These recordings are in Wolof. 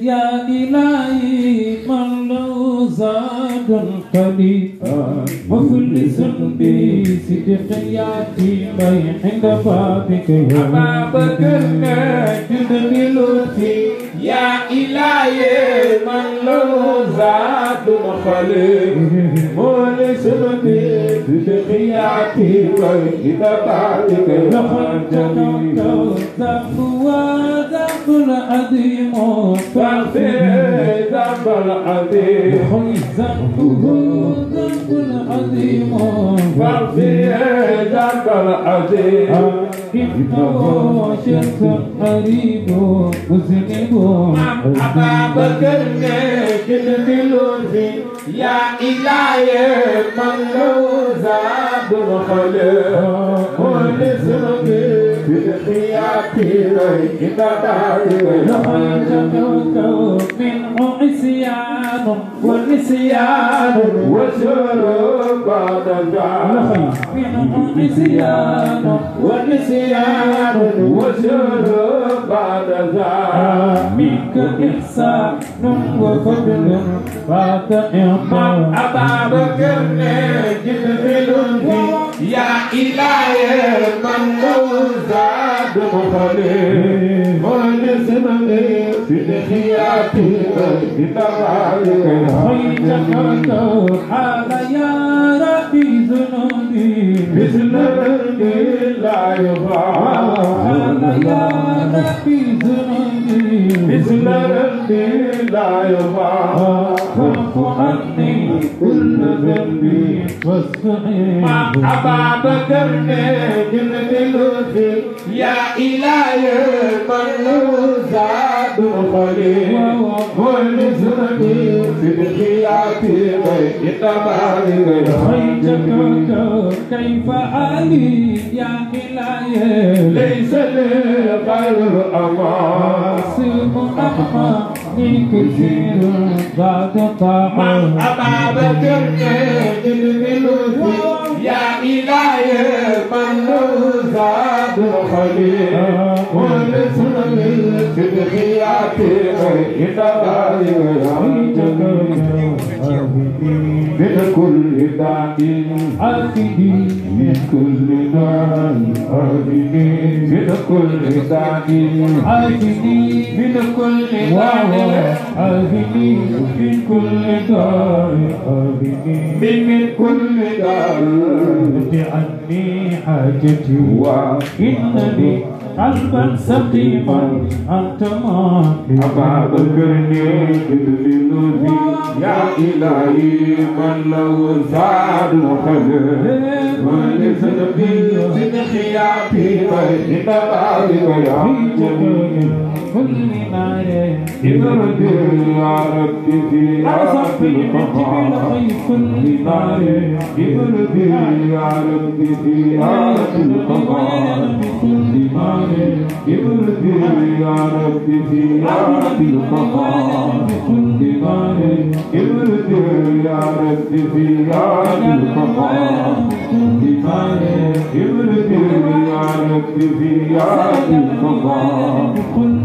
يا إلهي من لو زاد قليلا مفلس بصدق ياتي عند بابك يا بابك نجد بلطفك يا إلهي من لون ذات مخلف مولس مبيت بخياتي وكتاباتك نخرجني ذنب وذنب عظيم فاغفر ذنب العظيم ذنبه عظيما فاغفر ذاك العظيم إنه شخص قريب مسلم أبا بكر كنت لوزي يا إلهي من لوزا بالخلق بالخيات وإن داري منه عصيان والنسيان وشرب بعد الجعل منه عصيان والنسيان وشرب بعد الجعل منك إحسان وفضل بعد إعطاء أبا بكر جبريل Ya ilahe manuza de mokhane Mokhane se mane Fidhiyati Gitarai Khoija kato Hala ya rabi zunodi Bismillah لا يضاع عني كل ذنبي واستعين أبا بكرني جنب الوفي يا إلهي طلو زاد الخليل ونزرني في بخياتي غير تباري غير كيف علي ليس لغير الله سلم أحمد كثير بعد طاعة أبا بكر الملوك يا إلهي من زاد الخليل ونسر الصدقيات إذا غير داعٍ حاسد من كل داع حاسد من كل داع حاسد من كل داع حاسد من كل داع حاسد من كل داع عني حاجتي وإنني حسبا سقيما أنت ماكي أبا ذكرني بالمنوبي يا إلهي من له زاد الخير ولصدقي صدقي يا بيبي إنما يا جميل كل نعمة إذا يا ربي يا ربي القهار كل نعمة إذا يا ربي يا ربي القهار كل نعمة إذا يا ربي يا ربي القهار كل نعمة إذا يا ربي يا ربي القهار كل نعمة إذا يا ربي يا ربي القهار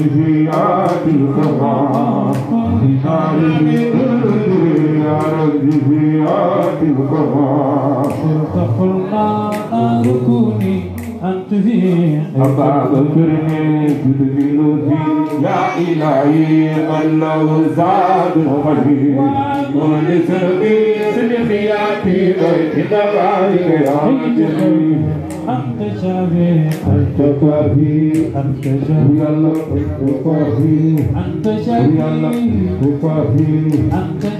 في الخفا عالم القلب العرب في عاد الخفا تلتف الماء ركوني أنت في أبعد كرمي تدمن في يا إلهي من له زاد الخفي ونسبي سلمياتي بيت دبعي يا جميل أنت شافي أنت كافي أنت شافي يلا وكافي أنت شافي يلا وكافي أنت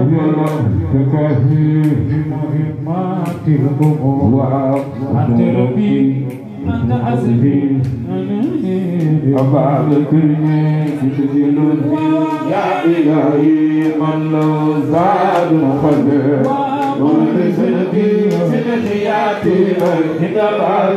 Yalla ككثير مهمات الأمور أنت ربي أنت حسبي أبعد كلمة تجل يا إلهي من لو زاد مخلف ومن سنتي سنتي ياتي لك إذا بعد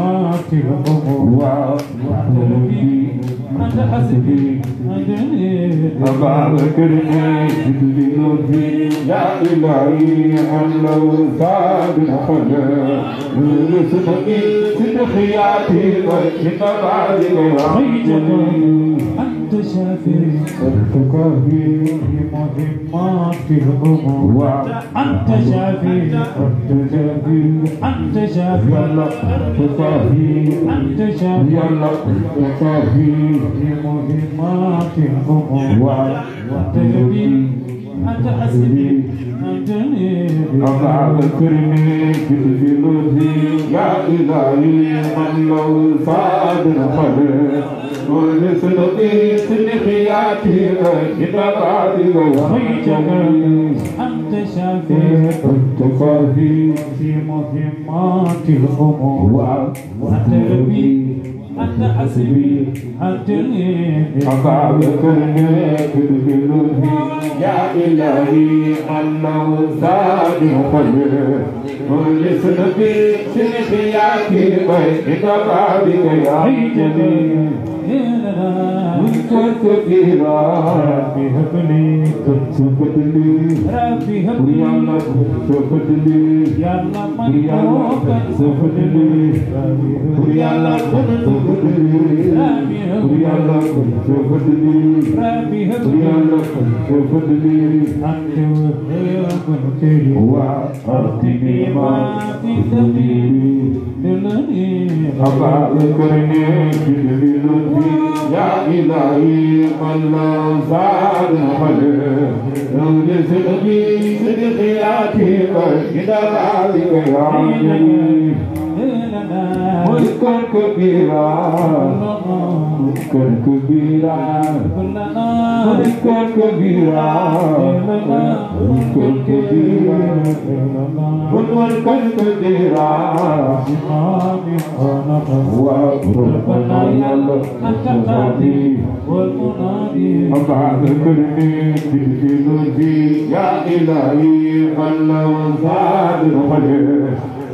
الأمور وأصلحه لي أنت حسبي أبا بكرني بنوتي لا إلهي أن لو زاد الحجر من سبقي ست خياتي وشتبعتي وعيدني المنتشر التقاهي مهمات الأمور أنت شافي أنت شافي أنت شافي يلا التقاهي أنت شافي يلا التقاهي مهمات الأمور أنت شافي أنت حسبي أضعب كرمي في الجلود يا إلهي من لو صادر خلق سلطي سلخياتي يا إلهي أنه Rabbi Hapani, Tukatili, Rabbi Hapani, Yala, Tukatili, Yala, Tukatili, Yala, Tukatili, Yala, Tukatili, Yala, Tukatili, Yala, Tukatili, Yala, Tukatili, Yala, Tukatili, Yala, Tukatili, Yala, Tukatili, Yala, يا إلهي من لا زال حلم نور صدقي صدقياتي إلى العالي يا ملكا كبيرا ملكا كبيرا ملكا كبيرا ملكا كبيرا ملكا كبيرا وأمر الخلق الخطيب والمنادي أبعد كرمي بالجنود يا إلهي خلى وزاد الخلق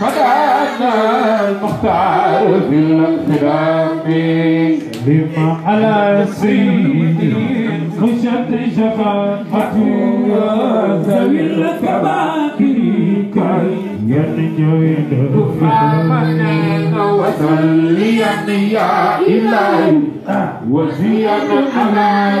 فدعنا المختار في الانقلاب لما على سيدي مشت شفاعته ذوي الكبائر كي يرجعنا فآمنا وسليا يا إلهي وزيا أنا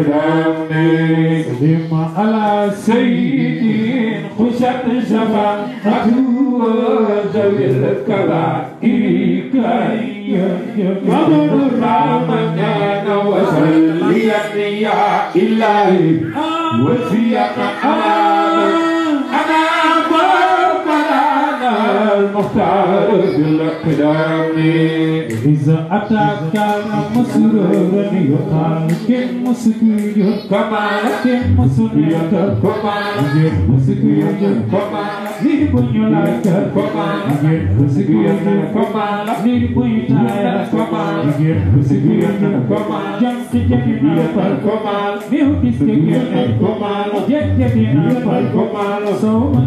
الأمن سلم على سيدي خشت شفاعته ذوي الكبائر ومن رمضان وسلم يا إلهي وفيك أمان المختار بالأقدام إذا أتاك مسرورا يطالك مسكيا كمالك مسكيا كمالك مسكيا كمالك Need to put your life up, come on. You get pussy good, come on. Need to put your time up, come on. You get pussy good, come on. Just to get it up, come on. New kiss to get it, come on. Get come on.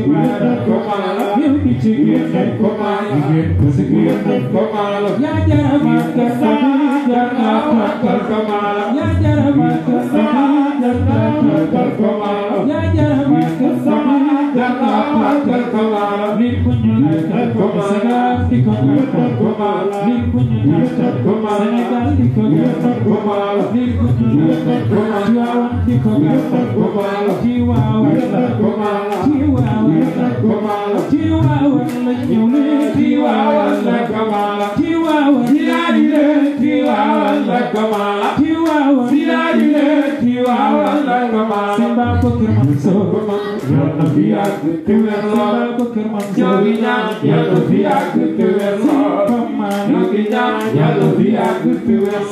you yow di ci biir nañ ko maala ci biir nañ ko maala yaa jara Come on. Jöntöfiak tüverlak, Jöntöfiak tüverlak, Jöntöfiak tüverlak, Jöntöfiak tüverlak,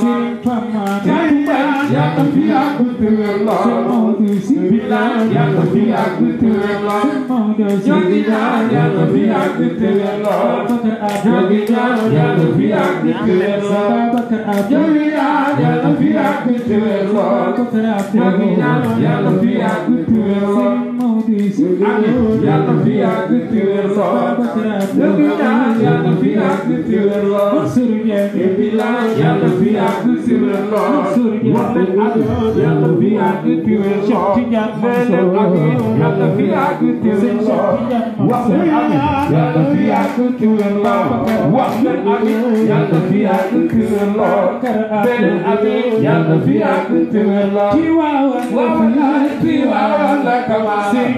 Jöntöfiak tüverlak, Jöntöfiak tüverlak, siis yàlla fi yàgg tiwér lool dëgg ñaan yàlla fi yàgg tiwér lool suruñe bi la yàlla fi yàgg tiwér lool suruñe yàlla fi yàgg tiwér lool ci ñaan fele ak yàlla fi yàgg tiwér lool wax ne ak yàlla fi yàgg tiwér lool wax ne ak yàlla fi yàgg tiwér lool fele ak yàlla fi yàgg tiwér lool ki waaw wa la fi waaw la kama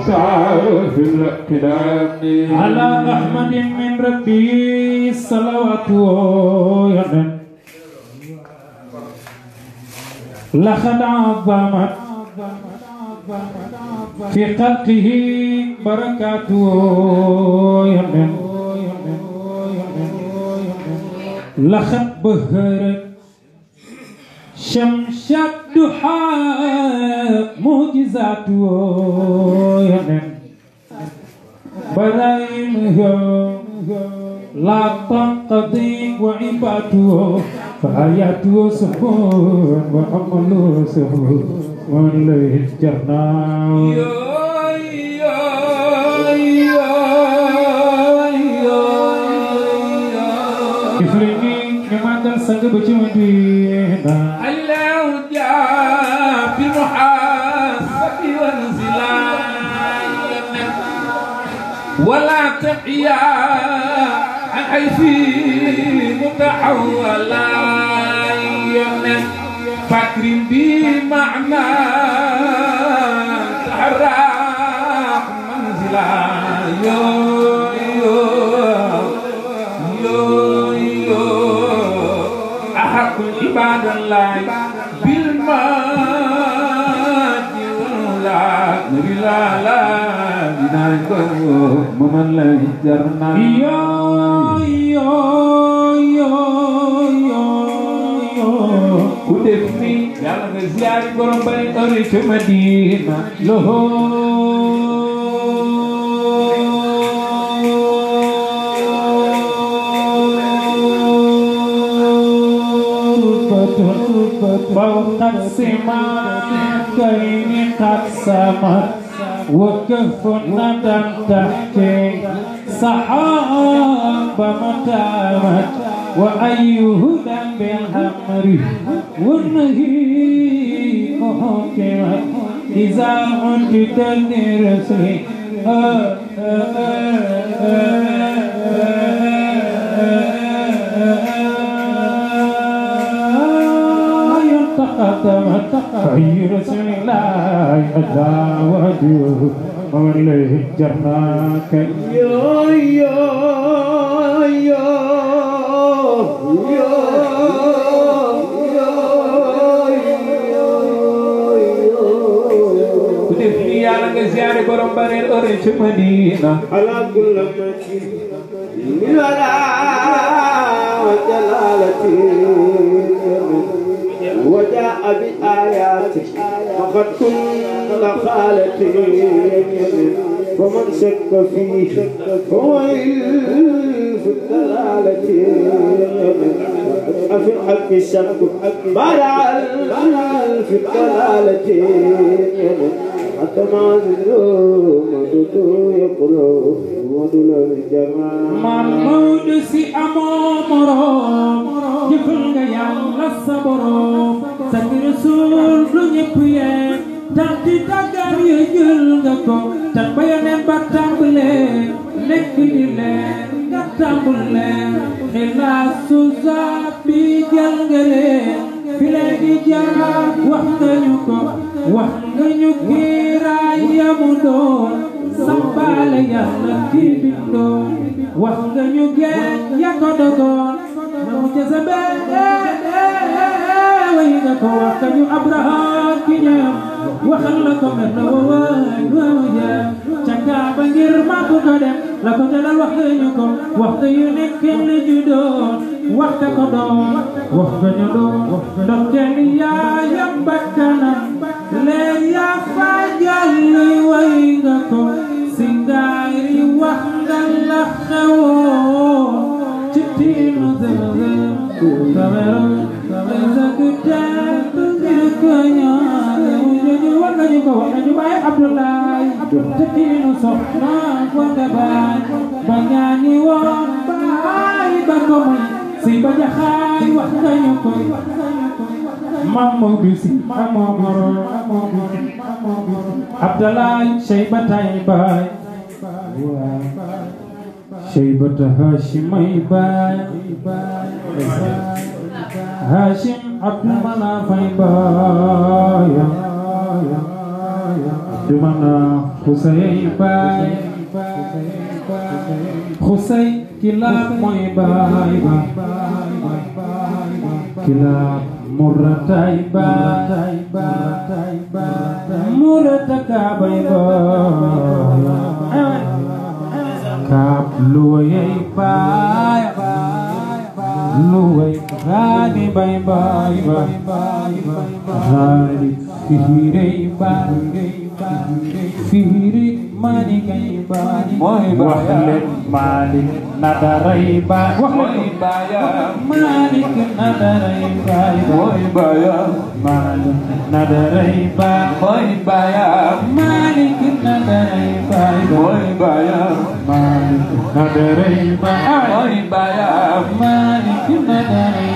وسعى في الاقتدام على أحمد من ربي الصلوات يمن لقد عظمت في خلقه بركاته يمن لقد بهرت شمشة ضحى معجزاته Balaimho Lapa kati wa ibadu Fahayadu sahun wa amalu sahun Wa lehid jarnau Allah ya fi muhasabi wal zilal ولا تحيا حيثي متحولا فاكرين بمعنى تحرك منزلا يو يو يو أحق عباد الله بالماء ولا لا لا dinaa leen ko ma man la jar naa yoo yoo yoo yoo ku def ni yàlla nga ziyaari borom ba leen ori ca Madina loxo وقد سمعت كيني قد سمعت وكف ندم تحكي صحاب متامت وأي هدى بالأمر والنهي حكمت إذا أنت لرسلي آه آه آه ينتقد ما تقير سمع لاي أداود وإليه جرناك يا يا يا يا yàlla nga ziare borom bareel وجاء بآياتك فقد كل خالتي ومن شك فيه هو في الدلالة في الحق الشك بلع في الدلالة حتى ما زلوم دودو يقلو ودلو الجمال من مودسي أمام رام jëfal nga yàlla sa borom sa ngir suul lu ñëpp yee tanti tàggar ya jël nga ko tan ba yeneen ba tàmbalee nekk nga tàmbalee xilaas su saab bi jël nga leen fi leen di jaar wax nga ñu ko wax nga ñu kiiraay ya mu doon sambaale yàlla kii bindoo wax nga ñu geen ya ko dogoon mu jazabe way nga ko wax kañu abraham ki ñam waxal la ko mer na waay waay ca kaaba ngir ma ko ko dem la ko dalal wax ñu ko waxtu yu nekk la ju doon waxta ko doon wax ko ñu doon ndox kenn yaa yam bakkanam leen yaa fa jàll way nga ko si ngaari wax nga la xewoon Cameroon sa gudda bëgg ko ñaan mu jëni war nañu ko war nañu bàyyi Abdoulaye te dinu soxna ko nga bañ ba ñaani woon bàyyi ba ko muy si ba jaxaay wax nga ñu ko mammo bisi amoo goro amoo goro Abdoulaye sey ba tay baay sey ba taha si may baay Hashim Abdumana Faibaya Abdumana Hussein Bay Hussein Kila Moy Bay Kila Muratai Bay Murataka Bay Kap Luye Bay نوي غادي باي باي باي باي باي باي باي باي باي Firik manik ay Wahlet manik nadaray banik Wahlet manik nadaray banik Wahlet manik nadaray banik Wahlet manik nadaray banik Wahlet Wahlet manik nadaray banik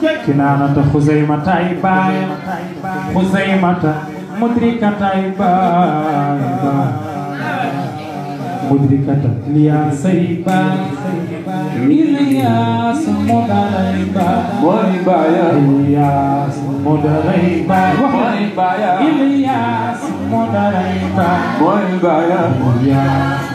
kinaanata xusaymata ay baayam xusaymata mudrikata ay baayam mudrikata liyaasa ay baayam liyaasa mudara ay baayam mooy baayam liyaasa mudara ay baayam mooy baayam liyaasa mudara ay baayam mooy baayam liyaasa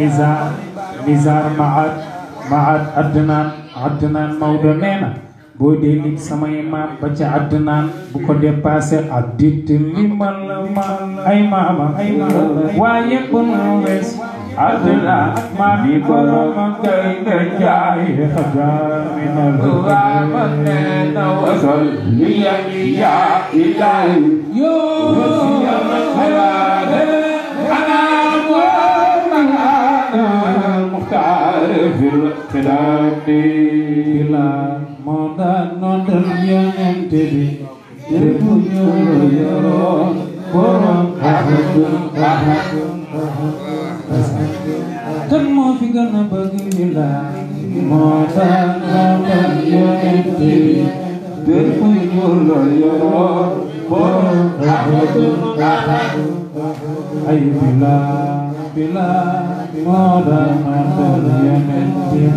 Mizar, Mizar, Maat, Maat, Adnan, Adnan, Maudanena bo dee lim samay maam ba ca àddunaan bu ko dépassé addit limal ma ay maama ay maama waaye bu nu wees àddunaan maa mi borom gay de jaay xajaaminal waa ma neena wasal li yami yaa ilaay yoo wasiyama xalaare xanaa Moda nonton yang MTV Dirpunya loyo Borong kahakun kahakun Dan mau fikir na bagi moda nonton yang MTV Dirpunya loyo Borong kahakun kahakun Ayo bilang Bila Mondar nonton yang MTV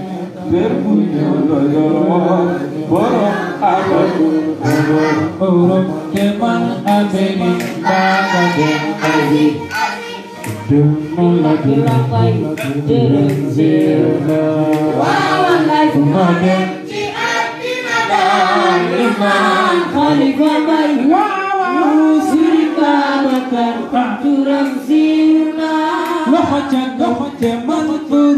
Đừng mong là cứ lòng quay, chứ đừng riêng nào Quá lòng lại cũng mà đêm Chỉ áp đi mà đàn Nhưng mà khó đi qua bay Quá lòng Sư ca mà cần Chứ đừng riêng nào Nó khó chẳng, nó khó chẳng Mà nó tư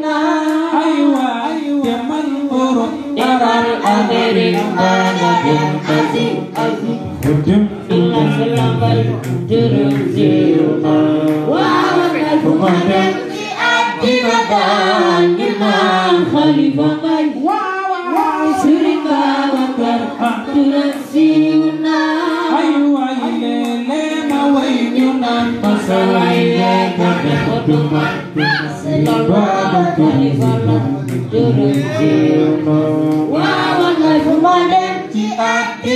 Panginoon, pasaway kami o dumating sa ibaba't kalibalang bercitat ah. di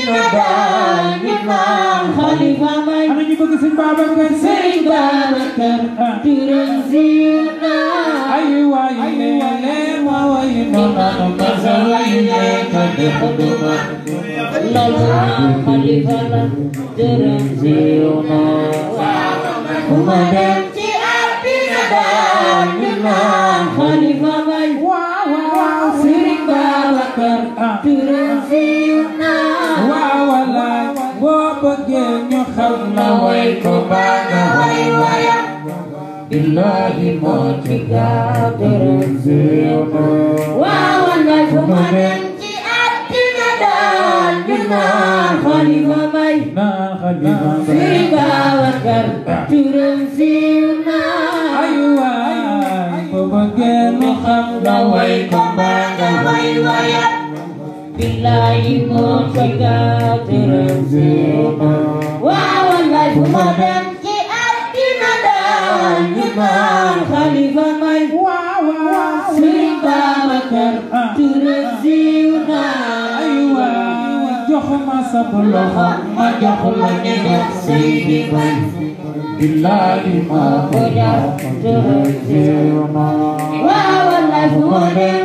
Wow wow wow sering ah. Turun bëggee ñu xam na way ko baa nga way waya billahi moo ci gaa dërëm zéema waawa nga fu ma dem ci àddina daal ñu naan xalifa may naan xalifa may si Babacar turam siiw naa ay waay bu bëggee ñu xam na way ko baa nga way waya billahi moo ci gaaw tërëm si waaw wallaay fu ma dem ci àddina daawal ñu naan xalifa may waaw waaw Sëriñ Babacar Touré siiw naa waaw jox ma sa loxo ma jox la ñebe sëy bi bay billahi maa ko jaaw tërëm siiw naa waaw wallaay fu ma dem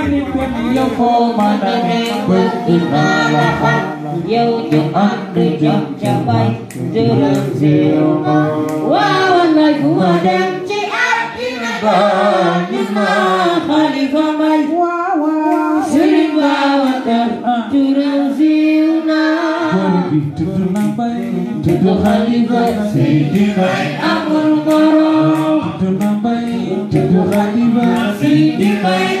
yow foo mën a nekk bët dina yow ñu ànd jëm ca bay jërëm zéro waaw lay fu ma dem ci àddina ba ñu ma xalifa may sëriñ Babacar jërëm zéro naa tudd na bay tudd xalifa Seydina amul morom bay tudd xalifa Seydina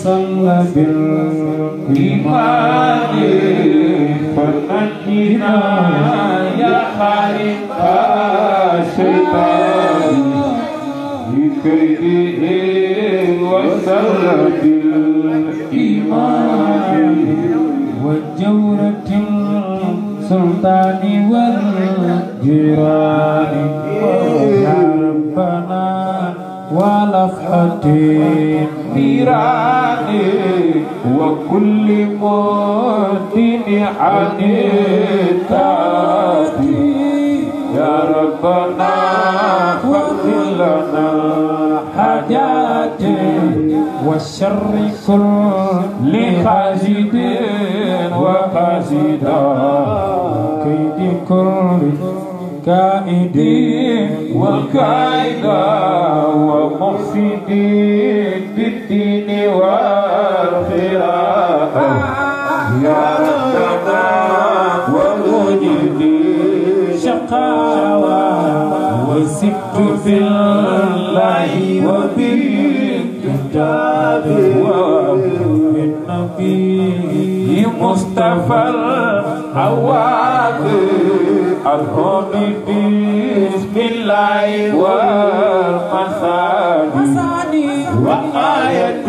sang labil imani panatina ya hari kasih ikri wasal labil imani wajuratil sultani wal jirani Walaf hadith عني وكل مدين عن يا ربنا فاغفر لنا حاجاتي والشر كل خازد وقازدا كيد كل كائد وكائدا ومفسدين في الدين والخيار يا ربنا ومجدي شقاوة وسبت في الله وفي وبالكتاب النبي مصطفى الحواك الحمد بسم الله والمساجد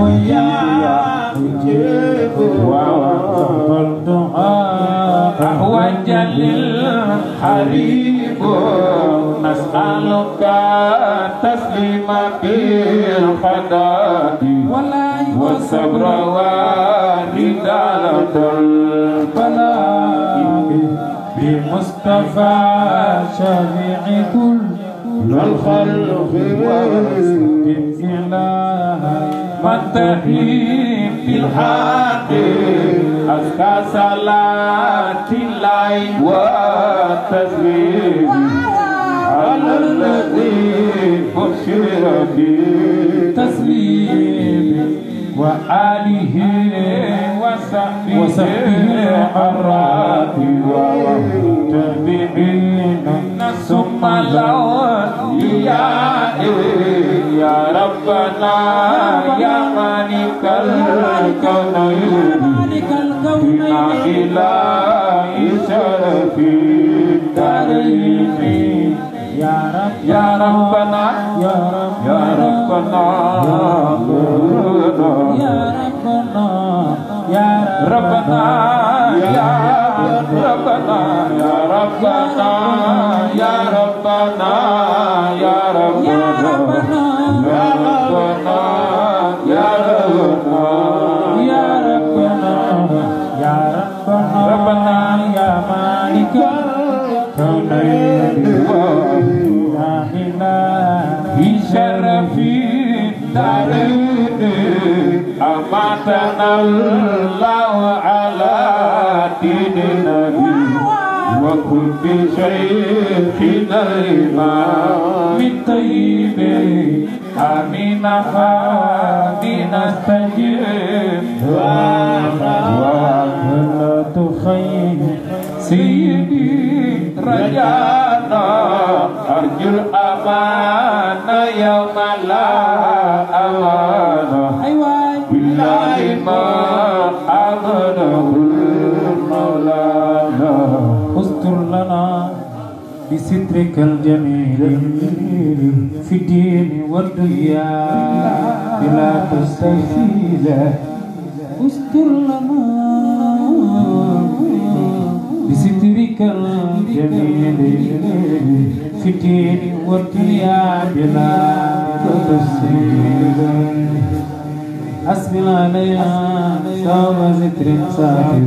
ويا مجيب والدعاء أحوج للحبيب نسألك تسليم في الخطاة والصبر ورجالة البلاء بمصطفى شفيع كل الخلق والسلم إله فانتهيم في الحق أزكى صلاة الليل والتسبيح على الذي بشر بتسليم وآله وصحبه الراتب وتابعين ثم لو إياه Ya Rabbana Ya Rabbana Ya Rabbana الله على دين النبي وكن بشيخنا الإمام الطيب آمين آمين استجب ولا تخيب سيدي رجانا أرجو الأمان يا ذكرك الجميل في الدين والدنيا بلا تستحيل استر لنا بسترك الجميل في الدين والدنيا بلا تستحيل حسبنا عليها ثواب ذكر ساحر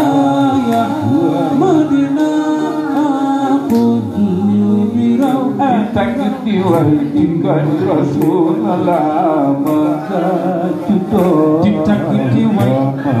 diwaltinkan Rasulullah Maka tutup Cinta kita wajah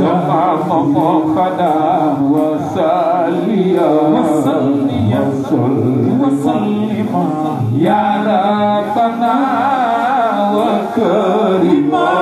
وما مقفنا وسليا وسلما يا ربنا وكريما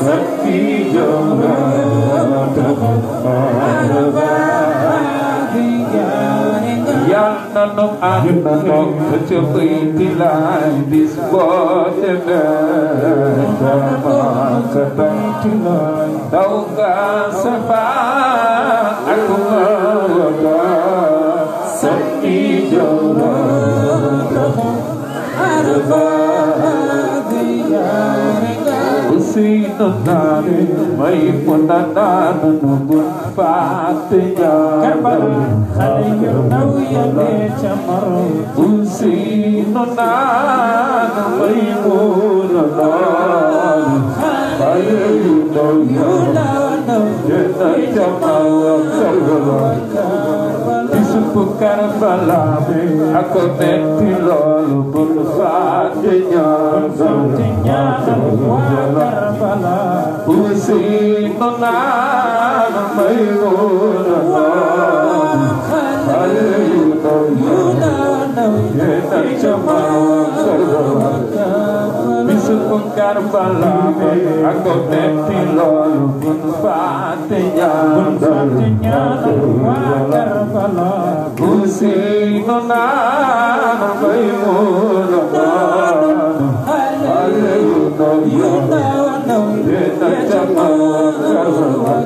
nanum and nanum to be delight this God and Sabah to learn Doga Sabah Akuma si tu ta de mai pun ta ta na na pun pa te ya karba khali yo na ya le chamar un si no na na mai pun na pai yu do yo na na ye ta chamar sa suufu Karbala bi ak metti loolu bu nu fàtte ñaan waa Karbala bu sii nu naan may woona xale yu ndaw yu naan yéen ak ca maam Karbala su kungar balame ako tepti lolo kun fate ya kun fate ya kungar bala kusi nona bai mona Yuna na yuna chama karwa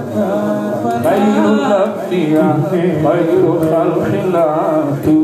khairu nabdiya khairu khalqila tu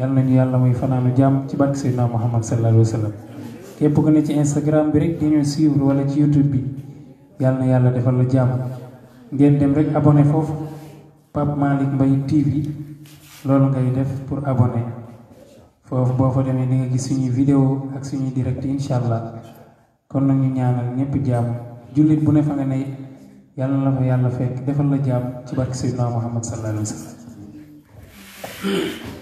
yalla nañu yalla muy fanaanu jam ci bank Muhammad sallallahu alaihi wasallam sallam ko ne ci Instagram bi rek di ñu suivre wala ci YouTube bi yalla yalla yàlla defal la jam ngeen dem rek abonné fofu pap malik mbay TV lolu ngay def pour abonné fofu bo fa demé di nga gis suñu vidéo ak suñu direct inshallah allah kon nañu ñaanal ñepp jam julit bu ne fa nga ne yalla la fa yalla fekk defal la jam ci barke Muhammad sallallahu alaihi wasallam sallam